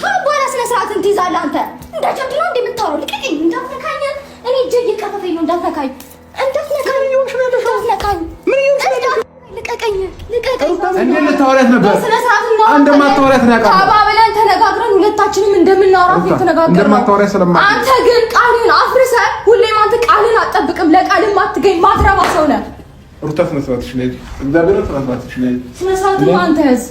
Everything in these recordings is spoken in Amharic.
በኋላ ስነ ስርዓትን ትይዛለህ አንተ። እንዳጀብ ነው እንደምታወራው ልቀቀኝ። እንዳትነካኝ፣ እኔ እጄ እየቀፈፈኝ ነው። እንዳትነካኝ፣ እንዳትነካኝ፣ ልቀቀኝ፣ ልቀቀኝ። እንደምታወሪያት ነበር እንደማታወሪያት ተባብለን ተነጋግረን ሁለታችንም እንደምናወራት የተነጋገርነው። አንተ ግን ቃልህን አፍርሰህ ሁሌም አንተ ቃልህን አትጠብቅም። ለቃልህም አትገኝ፣ ማትረባ ሰው ነህ። ሩታ ስነ ስርዓት ይችላል። እግዚአብሔር ስነ ስርዓት ይችላል። ስነ ስርዓት አንተ ያዝ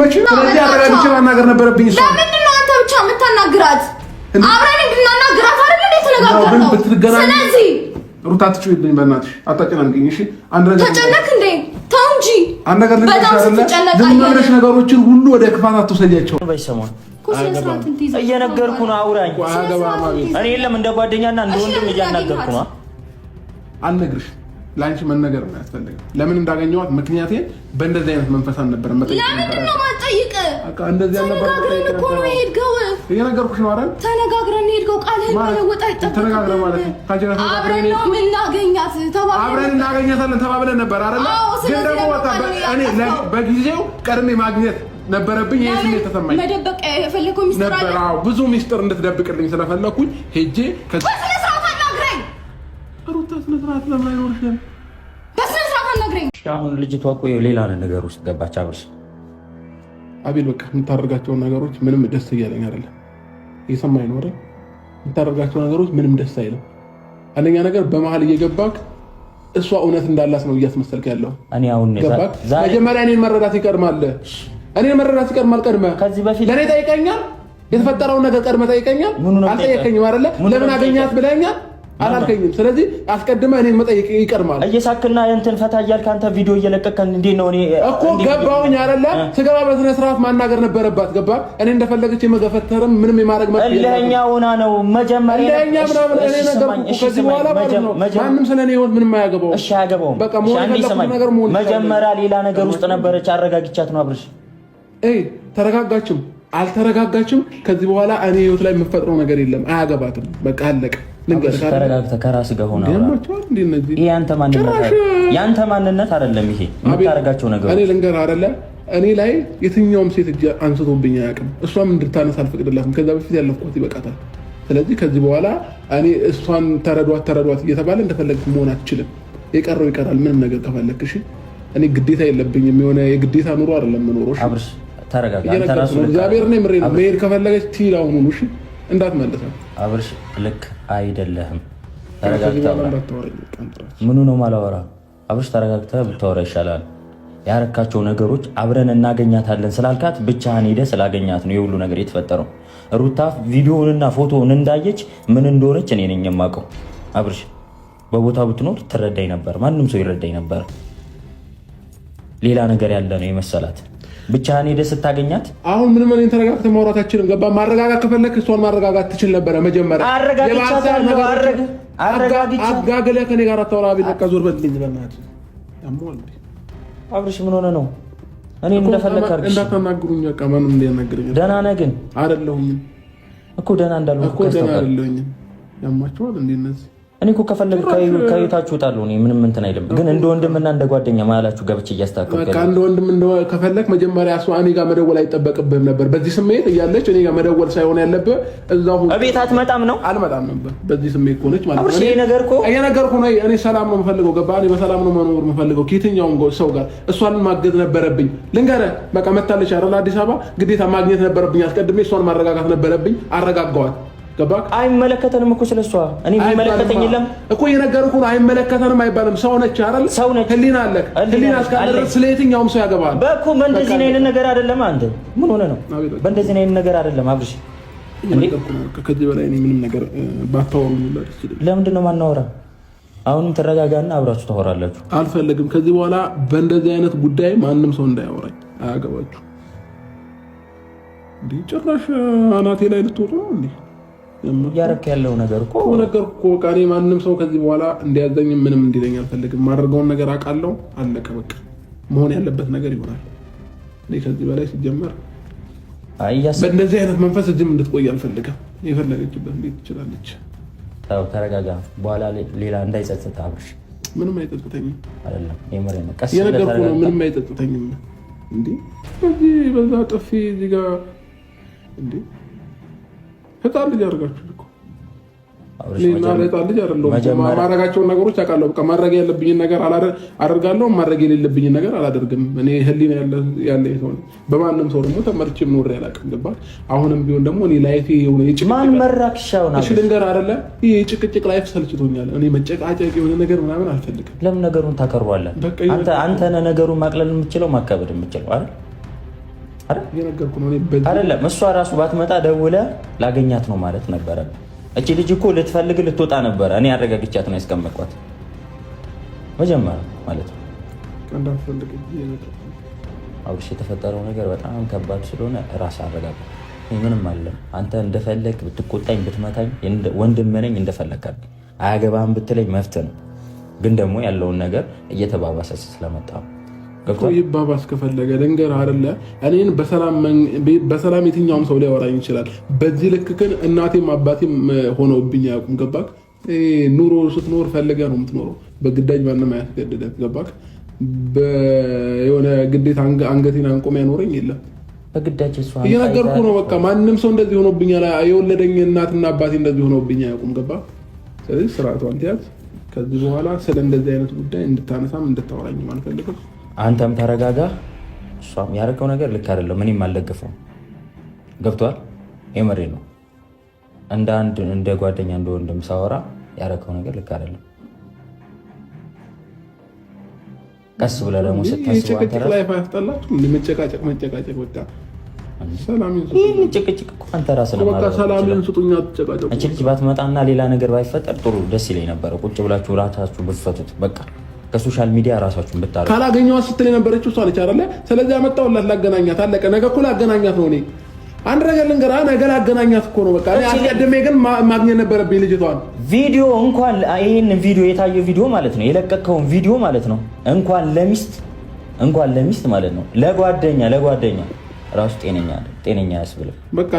ማናገር ነበረብኝ። ለምንድን ነው አንተ ብቻ የምታናግራት? አብረን እንድናናግራት አይደል እንዴ ተነጋገርነው። ስለዚህ ሩታ በእናትሽ አታጨናንቅኝ። እሺ አንድ ነገር ተጨነቅ እንዴ ተው እንጂ አንድ ነገር ልንገርሽ፣ ነገሮችን ሁሉ ወደ ክፋት አትውሰጃቸው። በይሰማል ነው። አውራኝ እኔ የለም እንደ ጓደኛና እንደ ወንድም እያናገርኩህ ነው አልነግርሽ ለአንቺ መነገር ነው አያስፈልግም። ለምን እንዳገኘዋት ምክንያቴ በእንደዚህ አይነት መንፈስ አልነበረ እየነገርኩሽ ነው። ተነጋግረን ሄድገው ቃልህን መለወጥ አይጠበቅም። አብረን ነው የምናገኛት አብረን እናገኛታለን ተባብለን ነበር አይደለ? ግን ደግሞ እኔ በጊዜው ቀድሜ ማግኘት ነበረብኝ። ይህ ስሜት ተሰማኝ። መደበቅ የፈለግከው ሚስጥር አለ። ብዙ ሚስጥር እንድትደብቅልኝ ስለፈለግኩኝ ሄጄ በስነ ስርዓት ለምን አይኖርሽም? በስነ ስርዓት አልነግረኝ። አሁን ልጅቷ እኮ ሌላ ነገር ውስጥ ገባች። አብርሽ አቤል፣ በቃ የምታደርጋቸውን ነገሮች ምንም ደስ እያለኝ አይደለም። እየሰማኝ ነው አይደል? የምታደርጋቸው ነገሮች ምንም ደስ አይልም። አንደኛ ነገር በመሀል እየገባክ እሷ እውነት እንዳላት ነው እያስመሰልክ ያለው። መጀመሪያ እኔን መረዳት ይቀድማል። እኔን መረዳት ይቀድማል። ቀድመህ ለእኔ ጠይቀኛል። የተፈጠረውን ነገር ቀድመህ ጠይቀኛል። አልጠየቀኝም አይደለ? ለምን አገኛት ብለኛል አላልከኝም። ስለዚህ አስቀድመህ እኔን መጠየቅ ይቀድማል። እየሳክና እንትን ፈታ እያልክ አንተ ቪዲዮ እየለቀቅክ እንዴት ነው? እኔ እኮ ገባሁኝ አይደለ? ስገባ በስነ ስርዓት ማናገር ነበረባት። ገባ? እኔ እንደፈለገች የመገፈተርም ምንም የማድረግ መ እልኸኛ ሆና ነው መጀመሪያ እልኸኛ ምናምን እኔ ነገርኩ። ከዚህ በኋላ ማለት ነው ማንም ስለ እኔ ህይወት ምንም አያገባውም። እሺ አያገባውም። በቃ መሆን የፈለኩት ነገር መሆን መጀመሪያ ሌላ ነገር ውስጥ ነበረች። አረጋግቻት ነው አብረሽ ተረጋጋችም አልተረጋጋችም። ከዚህ በኋላ እኔ ህይወት ላይ የምፈጥረው ነገር የለም። አያገባትም። በቃ አለቀ። ተረጋግተህ ከራስ ጋር ማንነት አይደለም ይሄ የምታደርጋቸው ነገሮች። እኔ ልንገርህ አይደለ እኔ ላይ የትኛውም ሴት እጅ አንስቶብኝ አያውቅም። እሷም እንድታነሳ አልፈቅድላትም። ከዛ በፊት ያለፍኳት ይበቃታል። ስለዚህ ከዚህ በኋላ እኔ እሷን ተረዷት ተረዷት እየተባለ እንደፈለግ መሆን አትችልም። የቀረው ይቀራል። ምንም ነገር ከፈለግህ እኔ ግዴታ የለብኝም። የሆነ የግዴታ ኑሮ አይደለም የምኖረው እግዚአብሔር ነው። መሄድ ከፈለገች ትሂድ አሁን ሁሉ አብርሽ። ልክ አይደለህም። ተረጋግተህ ምኑ ነው ማላወራ አብርሽ፣ ተረጋግተህ ብታወራ ይሻላል። ያረካቸው ነገሮች አብረን እናገኛታለን ስላልካት ብቻህን ሄደህ ስላገኛት ነው የሁሉ ነገር የተፈጠረው። ሩታ ቪዲዮውንና ፎቶውን እንዳየች ምን እንደሆነች እኔ ነኝ የማውቀው። አብርሽ በቦታ ብትኖር ትረዳኝ ነበር፣ ማንም ሰው ይረዳኝ ነበር። ሌላ ነገር ያለ ነው የመሰላት ብቻህን ሄደህ ስታገኛት አሁን ምንም እኔን ተረጋግተህ ማውራት አችልም። ገባህ? ማረጋጋት ከፈለክ እሷን ማረጋጋት ትችል ነበረ። መጀመሪያ አጋግለህ ከኔ ጋር አታወራ። ቤት በቃ ዞር በልኝ። በእናትህ አብርሽ ምን ሆነ ነው? እኔ እንደፈለግህ አድርግሽ። እንዳታናግሩኝ በቃ ማንም እንዲያናግረኝ። ደህና ነህ ግን? አይደለሁኝም እኮ ደህና እንዳልሆንኩ እኮ ደህና አይደለሁኝም። ያማችኋል እንደ እነዚህ እኔ እኮ ከፈለግ ከቤታችሁ እወጣለሁ። እኔ ምንም እንትን አይልም፣ ግን እንደ ወንድምና እንደ ጓደኛ መሀላችሁ ገብቼ እያስተካከልኩ በቃ እንደ ወንድም ከፈለግ መጀመሪያ እሷ እኔ ጋር መደወል አይጠበቅብህም ነበር። በዚህ ስሜት እያለች እኔ ጋር መደወል ሳይሆን ያለብህ እዛው ሁሉ እቤት አትመጣም ነው። አልመጣም ነበር በዚህ ስሜት ከሆነች ማለት ነው። እኔ ነገር እኮ እየነገርኩ ነው። እኔ ሰላም ነው የምፈልገው፣ ገባህ? እኔ በሰላም ነው መኖር የምፈልገው ከየትኛውም ሰው ጋር። እሷን ማገዝ ነበረብኝ። ልንገርህ፣ በቃ መታለች አይደል አዲስ አበባ፣ ግዴታ ማግኘት ነበረብኝ። አስቀድሜ እሷን ማረጋጋት ነበረብኝ። አረጋጋዋት ገባክ? አይመለከተንም እኮ ስለሷ። እኔ የሚመለከተኝ የለም እኮ እየነገርኩ ነው። አይመለከተንም አይባልም። ሰው ነች አይደል? ሰው ነች። ህሊና አለክ። ህሊና እስካለ ድረስ ስለ የትኛውም ሰው ያገባል በእኮ በእንደዚህ አይነት ነገር አይደለም። አንተ ምን ሆነ ነው? በእንደዚህ አይነት ነገር አይደለም አብርሽ። ከዚህ በላይ እኔ ምንም ነገር ባታወሩ ለምንድን ነው ማናወራ? አሁንም ተረጋጋና አብራችሁ ታወራላችሁ። አልፈልግም። ከዚህ በኋላ በእንደዚህ አይነት ጉዳይ ማንም ሰው እንዳያወራኝ። አያገባችሁ እንዲህ ጭራሽ አናቴ ላይ ልትወጡ ነው እንዴ? እያደረክ ያለው ነገር እኮ ነገር እኮ በቃ እኔ ማንም ሰው ከዚህ በኋላ እንዲያዘኝ ምንም እንዲለኝ አልፈልግም። ማድረገውን ነገር አውቃለሁ። አለቀ በቃ መሆን ያለበት ነገር ይሆናል። እኔ ከዚህ በላይ ሲጀመር በእንደዚህ አይነት መንፈስ እዚህም እንድትቆይ አልፈልግም። የፈለገችበት እንዴት ትችላለች? ተረጋጋ። በኋላ ሌላ እንዳይጸጽት አብርሽ። ምንም አይጸጽተኝም የነገርኩህ ነው። ምንም አይጠጥተኝም። እንዲህ በዚህ በዛ ጥፊ እዚህ ጋ እንዲህ ህፃን ልጅ አድርጋችሁ ህፃን ልጅ ማድረጋቸውን ነገሮች አውቃለሁ። በቃ ማድረግ ያለብኝን ነገር አደርጋለሁ፣ ማድረግ የሌለብኝን ነገር አላደርግም። እኔ ህሊና ያለ ሰው በማንም ሰው ደግሞ ተመርቼም ኖሬ ያላቅም ልባል። አሁንም ቢሆን ደግሞ እኔ ላይፍ የሆነ ልንገርህ አይደለ ይህ የጭቅጭቅ ላይፍ ሰልችቶኛል። እኔ መጨቃጨቅ የሆነ ነገር ምናምን አልፈልግም። ለምን ነገሩን ታቀርባለህ? አንተ ነገሩን ማቅለል የምችለው ማካበድ የምችለው አይደል አይደለም እሷ ራሱ ባትመጣ ደውለ ላገኛት ነው ማለት ነበረ። እቺ ልጅ እኮ ልትፈልግ ልትወጣ ነበረ። እኔ አረጋግቻት ነው ያስቀመጥኳት መጀመሪያ ማለት ነው። የተፈጠረው ነገር በጣም ከባድ ስለሆነ ራስ አረጋጋ። ምንም አለም አንተ እንደፈለግ ብትቆጣኝ ብትመታኝ ወንድም ነኝ እንደፈለጋል። አያገባህም ብትለኝ መፍት ነው፣ ግን ደግሞ ያለውን ነገር እየተባባሰ ስለመጣ ይባባስ ከፈለገ ደንገር አለ እኔን በሰላም የትኛውም ሰው ሊያወራኝ ይችላል። በዚህ ልክ ግን እናቴም አባቴም ሆነውብኝ አያውቁም። ገባክ? ኑሮ ስትኖር ፈልገ ነው የምትኖረው። በግዳጅ ማንም አያስገድደም። ገባክ? የሆነ ግዴታ አንገቴን አንቆም ያኖረኝ የለም። እየነገርኩህ ነው። በቃ ማንም ሰው እንደዚህ ሆኖብኛል። የወለደኝ እናትና አባቴ እንደዚህ ሆኖብኝ አያውቁም። ገባ ስለዚህ ስርዓቷን ትያዝ። ከዚህ በኋላ ስለ እንደዚህ አይነት ጉዳይ እንድታነሳም እንድታወራኝም አልፈልግም። አንተም ተረጋጋ። እሷም ያደረገው ነገር ልክ አይደለም። እኔም አልደግፈውም። ገብቷል። የመሬ ነው። እንደ አንድ እንደ ጓደኛ እንደ ወንድም ሳወራ ያደረገው ነገር ልክ አይደለም። ቀስ ብለህ ደግሞ መጨቃጨቅ መጨቃጨቅ በቃ አንተ ራስህ ባትመጣና ሌላ ነገር ባይፈጠር ጥሩ ደስ ይለኝ ነበረ። ቁጭ ብላችሁ ራታችሁ ብትፈቱት በቃ ከሶሻል ሚዲያ ራሳችሁን ብታረ ካላገኘኋት ስትል የነበረችው እሷ ነች አይደለ? ስለዚህ ያመጣሁላት ላገናኛት። አለቀ። ነገ እኮ ላገናኛት ነው። እኔ አንድ ነገር ልንገርህ፣ ነገ ላገናኛት እኮ ነው። በቃ አስቀድሜ ግን ማግኘት ነበረብኝ ልጅቷን። ቪዲዮ እንኳን ይህን ቪዲዮ የታየው ቪዲዮ ማለት ነው የለቀቀውን ቪዲዮ ማለት ነው እንኳን ለሚስት እንኳን ለሚስት ማለት ነው ለጓደኛ ለጓደኛ ራሱ ጤነኛ ጤነኛ ያስብልም። በቃ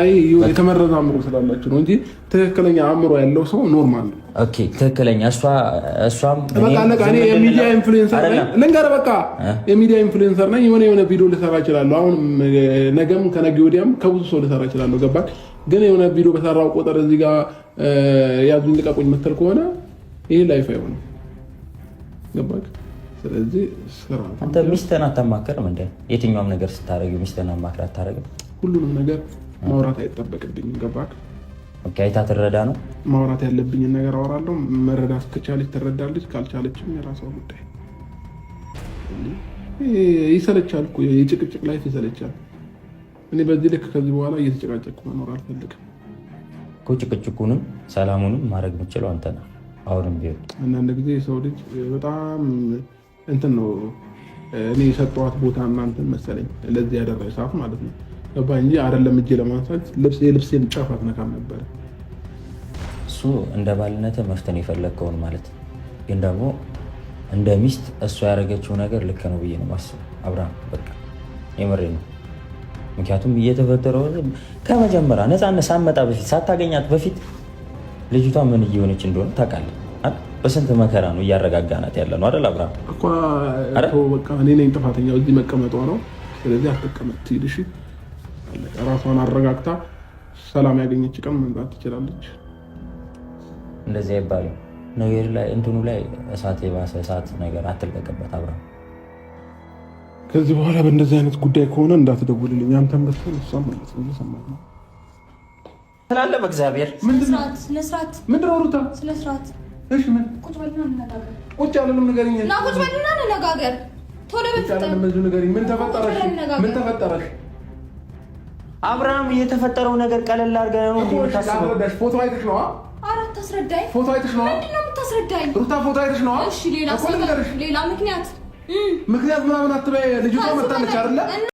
የተመረዘ አእምሮ ስላላቸው ነው እንጂ ትክክለኛ አእምሮ ያለው ሰው ኖርማል ነው። ኦኬ ትክክለኛ እሷም የሚዲያ ኢንፍሉዌንሰር ልንገርህ፣ በቃ የሚዲያ ኢንፍሉዌንሰር ነኝ የሆነ የሆነ ቪዲዮ ልሰራ እችላለሁ። አሁን ነገም ከነገ ወዲያም ከብዙ ሰው ልሰራ እችላለሁ። ገባክ? ግን የሆነ ቪዲዮ በሰራው ቁጥር እዚህ ጋር ያዙኝ ልቀቁኝ መተል ከሆነ ይህ ላይፍ አይሆንም። ገባክ? ስለዚህ ስራ አንተ ሚስትህን አታማከርም እንደ የትኛውም ነገር ስታደርግ ሚስትህን አማክር አታደርግም? ሁሉንም ነገር ማውራት አይጠበቅብኝ። ገባክ? አይታ ትረዳ ነው ማውራት ያለብኝን ነገር አወራለሁ። መረዳት ከቻለች ትረዳለች፣ ካልቻለችም የራሷ ጉዳይ። ይሰለቻል እኮ የጭቅጭቅ ላይፍ ይሰለቻል። እኔ በዚህ ልክ ከዚህ በኋላ እየተጨቃጨቅኩ መኖር አልፈልግም እኮ። ጭቅጭቁንም ሰላሙንም ማድረግ የምችለው አንተ ነህ። አሁንም ቢሆን አንዳንድ ጊዜ የሰው ልጅ በጣም እንትን ነው እኔ የሰጠኋት ቦታ እናንትን መሰለኝ ለዚህ ያደረገ ሰዓት ማለት ነው ገባ እንጂ አይደለም እጄ ለማንሳት የልብሴን ጫፍ አትነካም ነበረ። እሱ እንደ ባልነት መፍተን የፈለግከውን ማለት ግን ደግሞ እንደ ሚስት እሷ ያደረገችው ነገር ልክ ነው ብዬ ነው ማስብ። አብርሃም በቃ የምሬ ነው። ምክንያቱም እየተፈጠረው ከመጀመሪያ ነፃነት ሳመጣ በፊት ሳታገኛት በፊት ልጅቷ ምን እየሆነች እንደሆነ ታውቃለህ። በስንት መከራ ነው እያረጋጋናት ያለ ነው አይደል? አብራ በቃ እኔ ነኝ ጥፋተኛ እዚህ መቀመጧ ነው። ስለዚህ አትቀመጥ ትሄድሽ ራሷን አረጋግታ ሰላም ያገኘች ቀን መምጣት ትችላለች። እንደዚህ አይባልም። ነገር ላይ እንትኑ ላይ እሳት የባሰ እሳት ነገር አትልቀቅበት አብራ። ከዚህ በኋላ በእንደዚህ አይነት ጉዳይ ከሆነ እንዳትደውልልኝ አንተን በትሆን እሷ ማለት ነው ሰማ ነው ስላለ በእግዚአብሔር ምንድን ነው እሺ ምን ቁጭ በልና እንነጋገር። ቁጭ ያለንም ቁጭ በልና እንነጋገር። ቶሎ ምን ተፈጠረሽ? ምን ተፈጠረሽ? አብርሃም የተፈጠረው ነገር ቀለል አድርገህ ነው የምታስበው? ፎቶ አይተሽ ነው? ኧረ አታስረዳኝ። ፎቶ አይተሽ ነው? ምንድን ነው የምታስረዳኝ? ሩታ ፎቶ አይተሽ ነው? እሺ ሌላ ምክንያት ምክንያት ምናምን አትበይ። ልጅቷ መጣለች አይደለ?